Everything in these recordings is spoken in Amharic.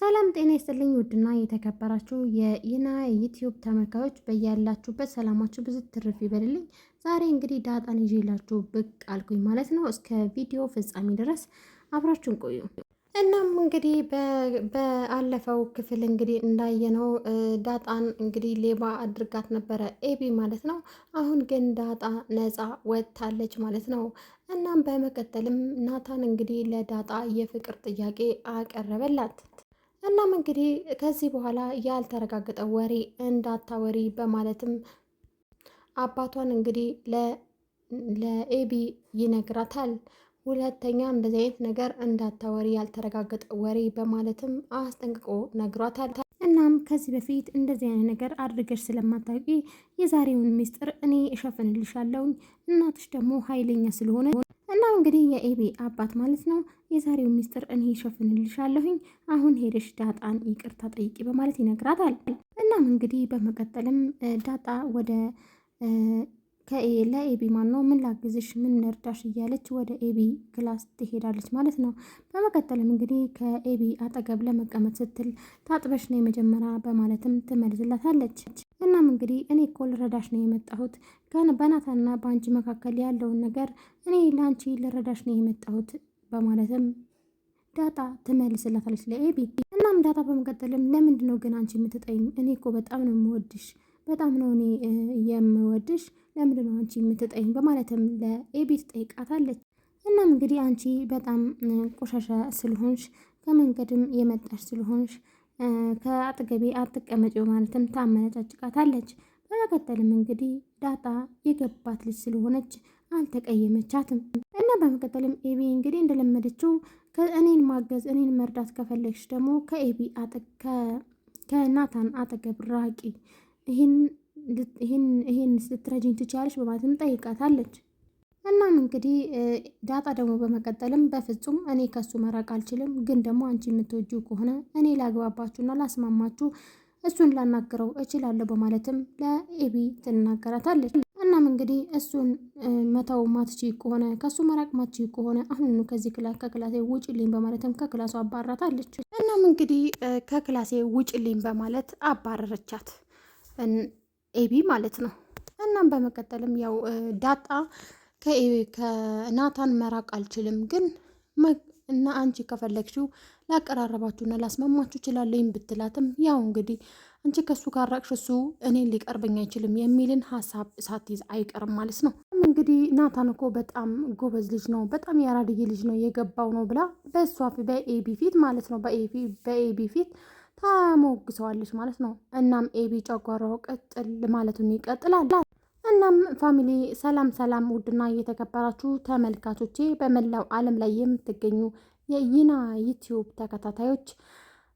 ሰላም ጤና ይስጥልኝ። ውድና የተከበራችሁ የኢና ዩቲዩብ ተመልካዮች በያላችሁበት ሰላማችሁ ብዙ ትርፍ ይበልልኝ። ዛሬ እንግዲህ ዳጣን ይዤላችሁ ብቅ አልኩኝ ማለት ነው። እስከ ቪዲዮ ፍጻሜ ድረስ አብራችሁን ቆዩ። እናም እንግዲህ በአለፈው ክፍል እንግዲህ እንዳየነው ዳጣን እንግዲህ ሌባ አድርጋት ነበረ ኤቢ ማለት ነው። አሁን ግን ዳጣ ነፃ ወጥታለች ማለት ነው። እናም በመቀጠልም ናታን እንግዲህ ለዳጣ የፍቅር ጥያቄ አቀረበላት። እናም እንግዲህ ከዚህ በኋላ ያልተረጋገጠ ወሬ እንዳታወሪ በማለትም አባቷን እንግዲህ ለኤቢ ይነግራታል። ሁለተኛ እንደዚህ አይነት ነገር እንዳታወሪ ያልተረጋገጠ ወሬ በማለትም አስጠንቅቆ ነግሯታል። እናም ከዚህ በፊት እንደዚህ አይነት ነገር አድርገሽ ስለማታውቂ የዛሬውን ሚስጥር እኔ እሸፍንልሻለሁ፣ እናትሽ ደግሞ ኃይለኛ ስለሆነ እናም እንግዲህ የኤቢ አባት ማለት ነው የዛሬው ሚስጥር እኔ ይሸፍንልሻለሁኝ አሁን ሄደሽ ዳጣን ይቅርታ ጠይቂ በማለት ይነግራታል። እናም እንግዲህ በመቀጠልም ዳጣ ወደ ለኤቢ ማን ነው ምን ላግዝሽ፣ ምን ነርዳሽ እያለች ወደ ኤቢ ክላስ ትሄዳለች ማለት ነው። በመቀጠልም እንግዲህ ከኤቢ አጠገብ ለመቀመጥ ስትል ታጥበሽ ነው የመጀመሪያ በማለትም ትመልስላታለች። እናም እንግዲህ እኔ እኮ ልረዳሽ ነው የመጣሁት በናታና በአንቺ መካከል ያለውን ነገር እኔ ለአንቺ ልረዳሽ ነው የመጣሁት በማለትም ዳጣ ትመልስላታለች ለኤቢ። እናም ዳጣ በመቀጠልም ለምንድን ነው ግን አንቺ የምትጠይኝ? እኔ እኮ በጣም ነው የምወድሽ፣ በጣም ነው እኔ የምወድሽ፣ ለምንድን ነው አንቺ የምትጠይኝ? በማለትም ለኤቢ ትጠይቃታለች። እናም እንግዲህ አንቺ በጣም ቆሻሻ ስለሆንሽ፣ ከመንገድም የመጣሽ ስለሆንሽ ከአጠገቤ አትቀመጪ በማለትም ታመነጫጭቃታለች። በመቀጠልም እንግዲህ ዳጣ የገባት ልጅ ስለሆነች አልተቀየመቻትም። በመቀጠልም ኤቢ እንግዲህ እንደለመደችው እኔን ማገዝ እኔን መርዳት ከፈለግሽ ደግሞ ከኤቢ ከናታን አጠገብ ራቂ፣ ይህን ልትረጅኝ ትችያለሽ በማለትም ጠይቃታለች። እናም እንግዲህ ዳጣ ደግሞ በመቀጠልም በፍጹም እኔ ከሱ መራቅ አልችልም፣ ግን ደግሞ አንቺ የምትወጂው ከሆነ እኔ ላግባባችሁና ላስማማችሁ እሱን ላናግረው እችላለሁ በማለትም ለኤቢ ትናገራታለች። እናም እንግዲህ እሱን መተው ማትች ከሆነ ከሱ መራቅ ማትች ከሆነ አሁኑኑ ከዚህ ከክላሴ ውጭልኝ በማለትም ከክላሱ አለች። እናም እንግዲህ ከክላሴ ውጭልኝ በማለት አባረረቻት ኤቢ ማለት ነው። እናም በመቀጠልም ያው ዳጣ ከናታን መራቅ አልችልም ግን እና አንቺ ከፈለግሽው ላቀራረባችሁና ላስማማችሁ እችላለሁ ብትላትም ያው እንግዲህ አንቺ ከሱ ካራቅሽ እሱ እኔን ሊቀርበኝ አይችልም የሚልን ሀሳብ ሳትይዝ አይቀርም ማለት ነው። እንግዲህ ናታን እኮ በጣም ጎበዝ ልጅ ነው፣ በጣም ያራድዬ ልጅ ነው የገባው ነው ብላ በእሷ በኤቢ ፊት ማለት ነው በኤቢ ፊት ታሞግሰዋለች ማለት ነው። እናም ኤቢ ጨጓራው ቀጥል ማለቱን ይቀጥላል። እናም ፋሚሊ ሰላም ሰላም፣ ውድና እየተከበራችሁ ተመልካቾቼ በመላው ዓለም ላይ የምትገኙ የይና ዩቲዩብ ተከታታዮች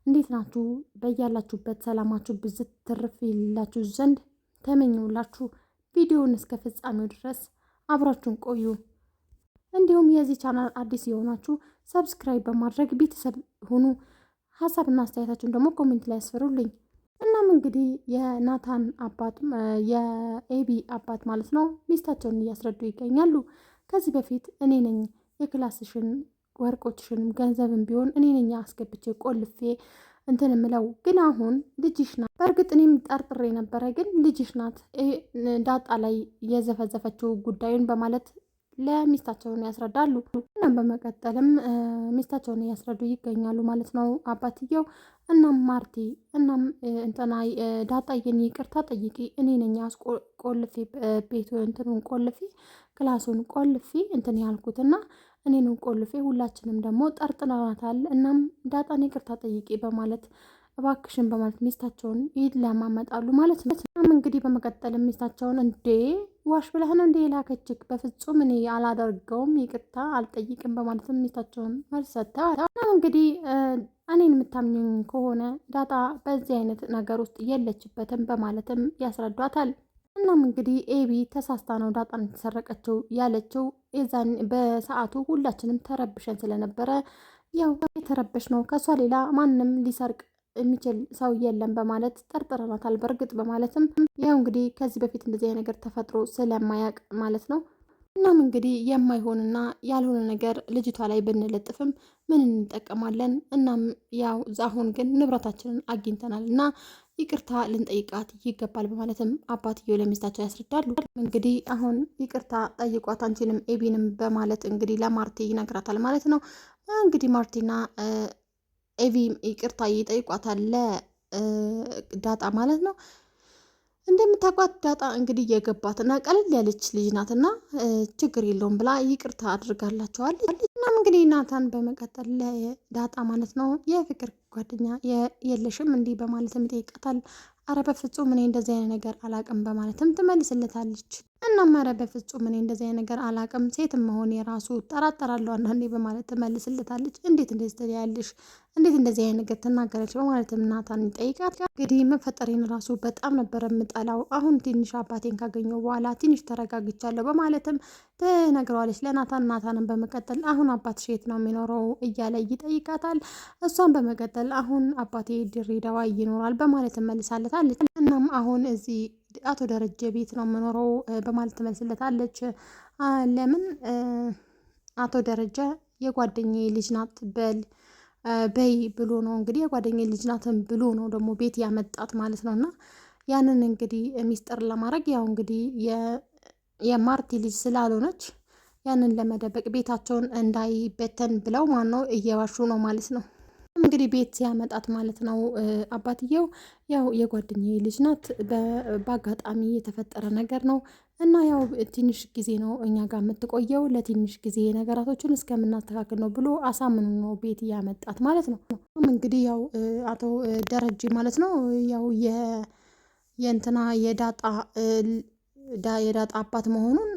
እንዴት ናችሁ? በያላችሁበት ሰላማችሁ ብዝት ትርፍ ይላችሁ ዘንድ ተመኘውላችሁ። ቪዲዮውን እስከ ፍጻሜው ድረስ አብራችሁን ቆዩ። እንዲሁም የዚህ ቻናል አዲስ የሆናችሁ ሰብስክራይብ በማድረግ ቤተሰብ ሁኑ። ሀሳብና አስተያየታችሁን ደግሞ ኮሜንት ላይ ያስፈሩልኝ። እናም እንግዲህ የናታን አባት የኤቢ አባት ማለት ነው ሚስታቸውን እያስረዱ ይገኛሉ። ከዚህ በፊት እኔ ነኝ የክላስሽን ወርቆችሽንም ገንዘብን ቢሆን እኔ ነኝ አስገብቼ ቆልፌ እንትን ምለው ግን አሁን ልጅሽ ናት። በእርግጥ እኔም ጠርጥሬ ነበረ፣ ግን ልጅሽ ናት ዳጣ ላይ የዘፈዘፈችው ጉዳዩን በማለት ለሚስታቸውን ያስረዳሉ። እናም በመቀጠልም ሚስታቸውን እያስረዱ ይገኛሉ ማለት ነው አባትየው። እናም ማርቲ እናም እንትና ዳጣዬን ይቅርታ ጠይቂ፣ እኔ ነኝ ቆልፌ ቤቱ እንትኑን ቆልፊ፣ ክላሱን ቆልፌ እንትን ያልኩትና እኔን ቆልፌ ሁላችንም ደግሞ ጠርጥናናታል። እናም ዳጣን ይቅርታ ጠይቂ በማለት እባክሽን በማለት ሚስታቸውን ይለማመጣሉ ማለት ነው። እናም እንግዲህ በመቀጠልም ሚስታቸውን እንዴ ዋሽ ብለህ ነው እንደ በፍጹም እኔ አላደርገውም፣ ይቅርታ አልጠይቅም በማለትም ሚስታቸውን መልስ እንግዲህ እኔን የምታምኘኝ ከሆነ ዳጣ በዚህ አይነት ነገር ውስጥ የለችበትም በማለትም ያስረዷታል። እናም እንግዲህ ኤቢ ተሳስታ ነው ዳጣን የተሰረቀችው ያለችው። የዛን በሰዓቱ ሁላችንም ተረብሸን ስለነበረ ያው የተረበሽ ነው። ከእሷ ሌላ ማንም ሊሰርቅ የሚችል ሰው የለም በማለት ጠርጥረናታል። በእርግጥ በማለትም ያው እንግዲህ ከዚህ በፊት እንደዚህ ነገር ተፈጥሮ ስለማያውቅ ማለት ነው። እናም እንግዲህ የማይሆንና ያልሆነ ነገር ልጅቷ ላይ ብንለጥፍም ምን እንጠቀማለን? እናም ያው አሁን ግን ንብረታችንን አግኝተናል እና ይቅርታ ልንጠይቃት ይገባል በማለትም አባትየው ለሚስታቸው ያስረዳሉ። እንግዲህ አሁን ይቅርታ ጠይቋት አንቺንም ኤቢንም በማለት እንግዲህ ለማርቲ ይነግራታል ማለት ነው። እንግዲህ ማርቲና ኤቪም ይቅርታ ይጠይቋታል ለዳጣ ማለት ነው። እንደምታውቋት ዳጣ እንግዲህ የገባትና ቀለል ያለች ልጅ ናትና ችግር የለውም ብላ ይቅርታ አድርጋላቸዋል። እናም እንግዲህ ናታን በመቀጠል ለዳጣ ማለት ነው የፍቅር ጓደኛ የለሽም እንዲህ በማለትም ይጠይቃታል። አረ በፍጹም እኔ እንደዚህ አይነት ነገር አላቅም በማለትም ትመልስለታለች። እናም ኧረ በፍጹም እኔ እንደዚህ ነገር አላቅም፣ ሴትም መሆን የራሱ ጠራጠራለሁ አንዳንዴ በማለት ትመልስለታለች። እንዴት እንደዚህ ትያለሽ? እንዴት እንደዚህ አይነት ነገር ትናገረች? በማለትም ናታን ይጠይቃል። እንግዲህ መፈጠሬን ራሱ በጣም ነበር የምጠላው፣ አሁን ትንሽ አባቴን ካገኘው በኋላ ትንሽ ተረጋግቻለሁ በማለትም ትነግረዋለች ለናታን። ናታንን በመቀጠል አሁን አባትሽ የት ነው የሚኖረው እያለ ይጠይቃታል። እሷን በመቀጠል አሁን አባቴ ድሬዳዋ ይኖራል በማለት ትመልሳለታለች። እናም አሁን እዚህ አቶ ደረጀ ቤት ነው የምኖረው በማለት ትመልስለታለች። ለምን አቶ ደረጀ የጓደኛ ልጅ ናት በል በይ ብሎ ነው እንግዲህ የጓደኛ ልጅ ናትን ብሎ ነው ደግሞ ቤት ያመጣት ማለት ነው። እና ያንን እንግዲህ ሚስጥር ለማድረግ ያው እንግዲህ የማርቲ ልጅ ስላልሆነች ያንን ለመደበቅ ቤታቸውን እንዳይበተን ብለው ማን ነው እየዋሹ ነው ማለት ነው። እንግዲህ ቤት ሲያመጣት ማለት ነው አባትየው ያው የጓደኛዬ ልጅ ናት፣ በአጋጣሚ የተፈጠረ ነገር ነው እና ያው ትንሽ ጊዜ ነው እኛ ጋር የምትቆየው፣ ለትንሽ ጊዜ ነገራቶችን እስከምናስተካክል ነው ብሎ አሳምኑ ነው ቤት እያመጣት ማለት ነው። እንግዲህ ያው አቶ ደረጀ ማለት ነው ያው የእንትና የዳጣ የዳጣ አባት መሆኑን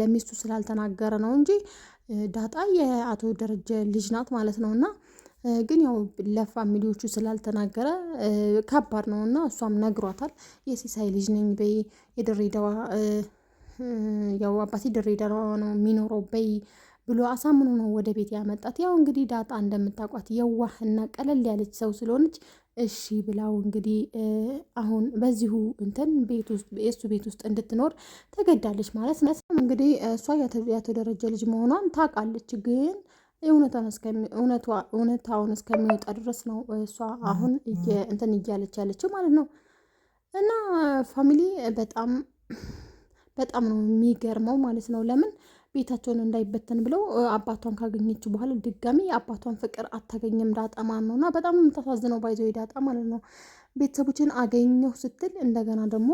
ለሚስቱ ስላልተናገረ ነው እንጂ ዳጣ የአቶ ደረጀ ልጅ ናት ማለት ነው እና ግን ያው ለፋሚሊዎቹ ስላልተናገረ ከባድ ነው እና እሷም ነግሯታል። የሲሳይ ልጅ ነኝ በይ የድሬዳዋ ያው አባቴ ድሬዳዋ ነው የሚኖረው በይ ብሎ አሳምኖ ነው ወደ ቤት ያመጣት። ያው እንግዲህ ዳጣ እንደምታውቋት የዋህና ቀለል ያለች ሰው ስለሆነች እሺ ብላው እንግዲህ አሁን በዚሁ እንትን ቤት ውስጥ የእሱ ቤት ውስጥ እንድትኖር ተገዳለች ማለት ነው። እንግዲህ እሷ ያተደረጀ ልጅ መሆኗን ታውቃለች ግን እውነታውን እስከሚወጣ ድረስ ነው እሷ አሁን እንትን እያለች ያለችው ማለት ነው። እና ፋሚሊ በጣም በጣም ነው የሚገርመው ማለት ነው። ለምን ቤታቸውን እንዳይበተን ብለው አባቷን ካገኘች በኋላ ድጋሚ አባቷን ፍቅር አታገኝም። ዳጣ ማን ነው እና በጣም የምታሳዝነው ባይዘው ዳጣ ማለት ነው። ቤተሰቦችን አገኘሁ ስትል እንደገና ደግሞ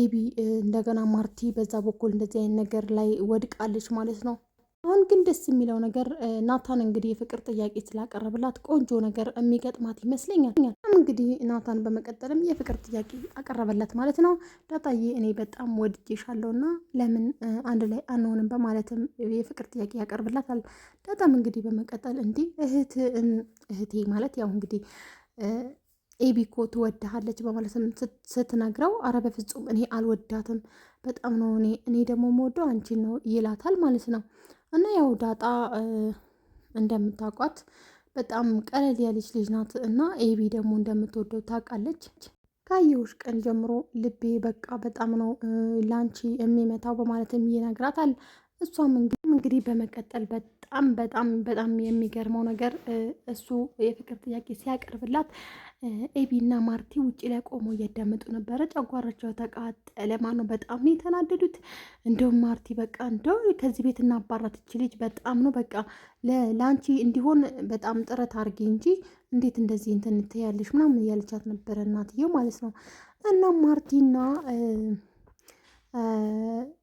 ኤቢ እንደገና ማርቲ በዛ በኩል እንደዚህ አይነት ነገር ላይ ወድቃለች ማለት ነው። አሁን ግን ደስ የሚለው ነገር ናታን እንግዲህ የፍቅር ጥያቄ ስላቀረብላት ቆንጆ ነገር የሚገጥማት ይመስለኛል። እንግዲህ ናታን በመቀጠልም የፍቅር ጥያቄ አቀረበላት ማለት ነው። ዳጣዬ እኔ በጣም ወድጄሻለሁ እና ለምን አንድ ላይ አንሆንም በማለትም የፍቅር ጥያቄ ያቀርብላታል። ዳጣም እንግዲህ በመቀጠል እንዲህ እህት እህቴ ማለት ያው እንግዲህ ኤቢኮ ትወድሃለች በማለትም ስትነግረው አረ በፍጹም እኔ አልወዳትም፣ በጣም ነው እኔ እኔ ደግሞ መወደው አንቺን ነው ይላታል ማለት ነው። እና ያው ዳጣ እንደምታውቋት በጣም ቀለል ያለች ልጅ ናት እና ኤቢ ደግሞ እንደምትወደው ታውቃለች። ካየሁሽ ቀን ጀምሮ ልቤ በቃ በጣም ነው ላንቺ የሚመታው በማለትም ይነግራታል። እሷም እንግዲህ በመቀጠል በጣም በጣም በጣም የሚገርመው ነገር እሱ የፍቅር ጥያቄ ሲያቀርብላት ኤቢና ማርቲ ውጭ ላይ ቆመው እያዳመጡ ነበረ። ጨጓራቸው ተቃጠለ። ነው በጣም ነው የተናደዱት። እንደውም ማርቲ በቃ እንደው ከዚህ ቤት እናባራት እች ልጅ በጣም ነው በቃ ለአንቺ እንዲሆን በጣም ጥረት አርጊ እንጂ እንዴት እንደዚህ እንትን ትያለሽ ምናምን እያለቻት ነበረ እናትየው ማለት ነው እና ማርቲና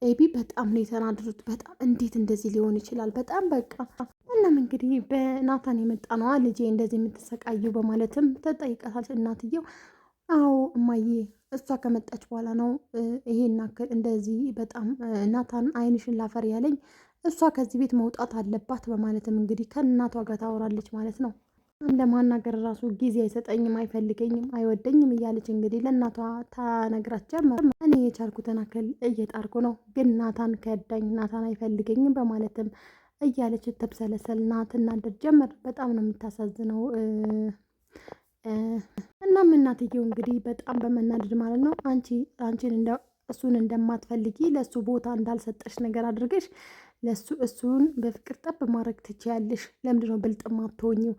ኤቢ በጣም ነው የተናደዱት። በጣም እንዴት እንደዚህ ሊሆን ይችላል? በጣም በቃ እናም እንግዲህ በናታን የመጣ ነዋ ልጄ እንደዚህ የምትሰቃየው በማለትም ተጠይቀታል። እናትየው አዎ እማዬ፣ እሷ ከመጣች በኋላ ነው ይሄን ያክል እንደዚህ በጣም ናታን አይንሽን ላፈር ያለኝ እሷ ከዚህ ቤት መውጣት አለባት በማለትም እንግዲህ ከእናቷ ጋር ታወራለች ማለት ነው። ለማናገር ራሱ ጊዜ አይሰጠኝም፣ አይፈልገኝም፣ አይወደኝም እያለች እንግዲህ ለእናቷ ተነግራት ጀመር። እኔ የቻልኩትን አክል እየጣርኩ ነው፣ ግን ናታን ከዳኝ፣ ናታን አይፈልገኝም በማለትም እያለች ተብሰለሰል ና ትናደድ ጀመር። በጣም ነው የምታሳዝነው። እናም እናትየው እንግዲህ በጣም በመናደድ ማለት ነው አንቺ አንቺን እሱን እንደማትፈልጊ ለእሱ ቦታ እንዳልሰጠሽ ነገር አድርገሽ ለእሱ እሱን በፍቅር ጠብ ማድረግ ትችያለሽ። ለምንድነው ብልጥ ማትሆኚው?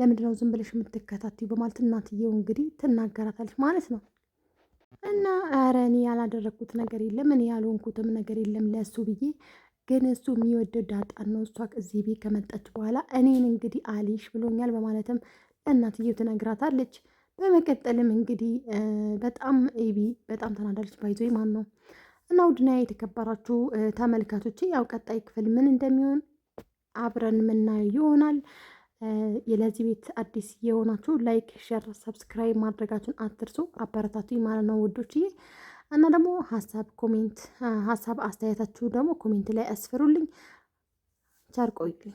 ለምንድነው ዝም ብለሽ የምትከታተዩ በማለት እናትየው እንግዲህ ትናገራታለች ማለት ነው። እና ኧረ እኔ ያላደረግኩት ነገር የለም እኔ ያልሆንኩትም ነገር የለም ለእሱ ብዬ ግን እሱ የሚወደው ዳጣን ነው። እሷ እዚህ ቤት ከመጣች በኋላ እኔን እንግዲህ አሊሽ ብሎኛል በማለትም እናትየው ትነግራታለች። በመቀጠልም እንግዲህ በጣም ኤቢ በጣም ተናዳለች። ባይዞ ማን ነው እና ውድና የተከበራችሁ ተመልካቶች ያው ቀጣይ ክፍል ምን እንደሚሆን አብረን የምናየው ይሆናል። ለዚህ ቤት አዲስ የሆናችሁ ላይክ፣ ሸር፣ ሰብስክራይብ ማድረጋችሁን አትርሱ። አበረታቱ ማለት ነው ውዶችዬ። እና ደግሞ ሀሳብ ኮሜንት ሀሳብ አስተያየታችሁ ደግሞ ኮሜንት ላይ አስፍሩልኝ። ቻርቆይልኝ